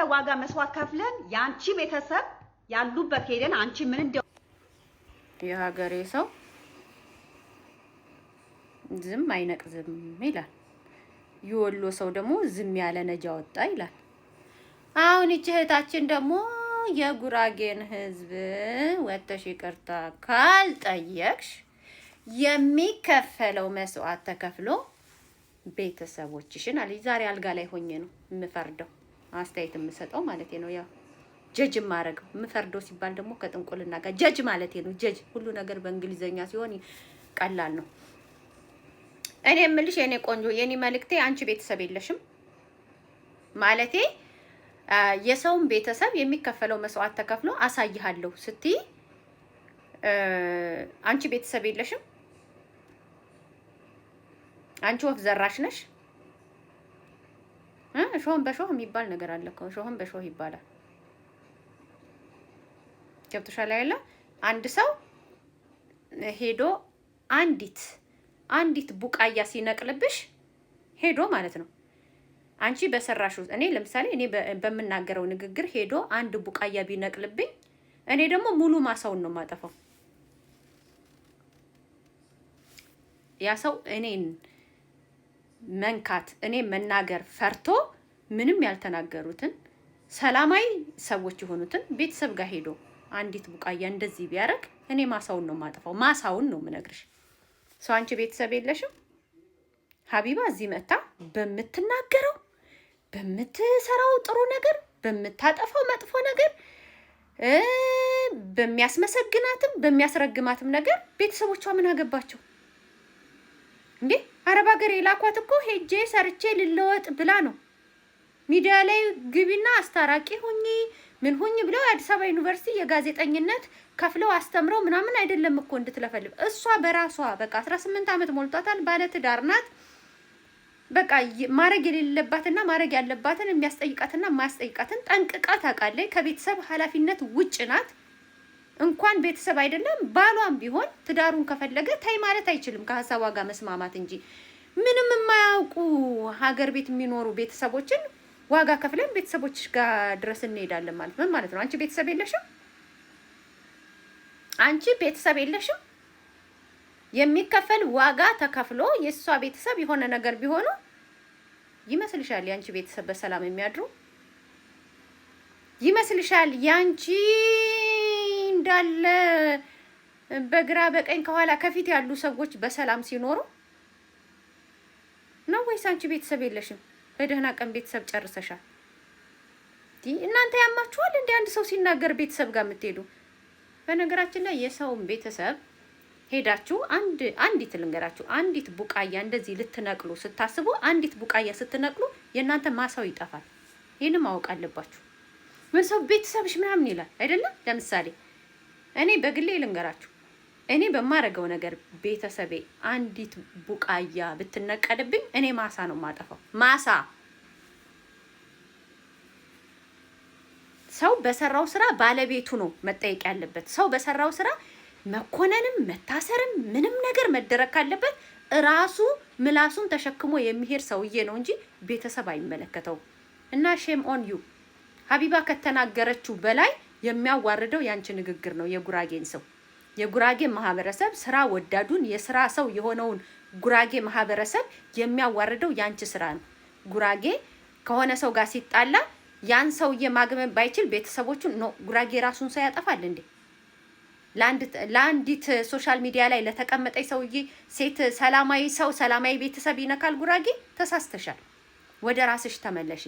የተመሳሰለ ዋጋ መስዋዕት ከፍለን የአንቺ ቤተሰብ ያሉበት ሄደን አንቺ ምን እንደ የሀገሬ ሰው ዝም አይነቅ ዝም ይላል። የወሎ ሰው ደግሞ ዝም ያለ ነጃ ወጣ ይላል። አሁን ይቺ እህታችን ደግሞ የጉራጌን ህዝብ ወጥተሽ ይቅርታ ካልጠየቅሽ የሚከፈለው መስዋዕት ተከፍሎ ቤተሰቦችሽን አለች። ዛሬ አልጋ ላይ ሆኜ ነው የምፈርደው። አስተያየት የምሰጠው ማለት ነው። ያው ጀጅ ማድረግ የምፈርደው ሲባል ደግሞ ከጥንቁልና ጋር ጀጅ ማለት ነው። ጀጅ ሁሉ ነገር በእንግሊዘኛ ሲሆን ቀላል ነው። እኔ የምልሽ የኔ ቆንጆ የኔ መልእክቴ አንቺ ቤተሰብ የለሽም ማለቴ የሰውን ቤተሰብ የሚከፈለው መስዋዕት ተከፍሎ አሳይሃለሁ ስትይ አንቺ ቤተሰብ የለሽም። አንቺ ወፍ ዘራሽ ነሽ። እሾህን በሾህ የሚባል ነገር አለ እኮ እሾህን በሾህ ይባላል። ገብቶሻል አይደለ? አንድ ሰው ሄዶ አንዲት አንዲት ቡቃያ ሲነቅልብሽ ሄዶ ማለት ነው አንቺ በሰራሹ እኔ ለምሳሌ እኔ በምናገረው ንግግር ሄዶ አንድ ቡቃያ ቢነቅልብኝ እኔ ደግሞ ሙሉ ማሳውን ነው የማጠፋው። ያ ሰው እኔን መንካት እኔ መናገር ፈርቶ ምንም ያልተናገሩትን ሰላማዊ ሰዎች የሆኑትን ቤተሰብ ጋር ሄዶ አንዲት ቡቃያ እንደዚህ ቢያደርግ እኔ ማሳውን ነው ማጥፋው። ማሳውን ነው ምነግርሽ። ሰው አንቺ ቤተሰብ የለሽም ሀቢባ እዚህ መታ በምትናገረው በምትሰራው ጥሩ ነገር በምታጠፋው መጥፎ ነገር በሚያስመሰግናትም በሚያስረግማትም ነገር ቤተሰቦቿ ምን አገባቸው? እንዴ አረብ ሀገር የላኳት እኮ ሄጄ ሰርቼ ልለወጥ ብላ ነው። ሚዲያ ላይ ግቢና አስታራቂ ሁኚ ምን ሁኝ ብለው የአዲስ አበባ ዩኒቨርሲቲ የጋዜጠኝነት ከፍለው አስተምረው ምናምን አይደለም እኮ እንድትለፈልፍ። እሷ በራሷ በቃ 18 ዓመት ሞልቷታል፣ ባለ ትዳር ናት። በቃ ማድረግ የሌለባትና ማድረግ ያለባትን የሚያስጠይቃትና የማያስጠይቃትን ጠንቅቃ ታውቃለች። ከቤተሰብ ኃላፊነት ውጭ ናት። እንኳን ቤተሰብ አይደለም ባሏም ቢሆን ትዳሩን ከፈለገ ታይ ማለት አይችልም፣ ከሀሳቧ ጋር መስማማት እንጂ ምንም የማያውቁ ሀገር ቤት የሚኖሩ ቤተሰቦችን ዋጋ ከፍለን ቤተሰቦች ጋር ድረስ እንሄዳለን ማለት ምን ማለት ነው? አንቺ ቤተሰብ የለሽም፣ አንቺ ቤተሰብ የለሽም። የሚከፈል ዋጋ ተከፍሎ የእሷ ቤተሰብ የሆነ ነገር ቢሆኑ ይመስልሻል? የአንቺ ቤተሰብ በሰላም የሚያድሩ ይመስልሻል? የአንቺ እንዳለ በግራ በቀኝ ከኋላ ከፊት ያሉ ሰዎች በሰላም ሲኖሩ ነው ወይስ አንቺ ቤተሰብ የለሽም? በደህና ቀን ቤተሰብ ጨርሰሻል። እናንተ ያማችኋል እንደ አንድ ሰው ሲናገር ቤተሰብ ጋር የምትሄዱ በነገራችን ላይ የሰውን ቤተሰብ ሄዳችሁ አንድ አንዲት ልንገራችሁ፣ አንዲት ቡቃያ እንደዚህ ልትነቅሉ ስታስቡ አንዲት ቡቃያ ስትነቅሉ የእናንተ ማሳው ይጠፋል። ይህንም ማወቅ አለባችሁ። ምን ሰው ቤተሰብሽ ምናምን ይላል አይደለም ለምሳሌ እኔ በግሌ ልንገራችሁ፣ እኔ በማረገው ነገር ቤተሰቤ አንዲት ቡቃያ ብትነቀልብኝ እኔ ማሳ ነው የማጠፋው። ማሳ ሰው በሰራው ስራ ባለቤቱ ነው መጠየቅ ያለበት። ሰው በሰራው ስራ መኮነንም መታሰርም ምንም ነገር መደረግ ካለበት ራሱ ምላሱን ተሸክሞ የሚሄድ ሰውዬ ነው እንጂ ቤተሰብ አይመለከተው። እና ሼም ኦን ዩ ሀቢባ ከተናገረችው በላይ የሚያዋርደው ያንቺ ንግግር ነው። የጉራጌን ሰው የጉራጌ ማህበረሰብ ስራ ወዳዱን የስራ ሰው የሆነውን ጉራጌ ማህበረሰብ የሚያዋርደው ያንቺ ስራ ነው። ጉራጌ ከሆነ ሰው ጋር ሲጣላ ያን ሰውዬ ማግመን ባይችል ቤተሰቦቹን ኖ ጉራጌ ራሱን ሰው ያጠፋል እንዴ? ለአንዲት ሶሻል ሚዲያ ላይ ለተቀመጠች ሰውዬ ሴት ሰላማዊ ሰው ሰላማዊ ቤተሰብ ይነካል? ጉራጌ ተሳስተሻል። ወደ ራስሽ ተመለሽ።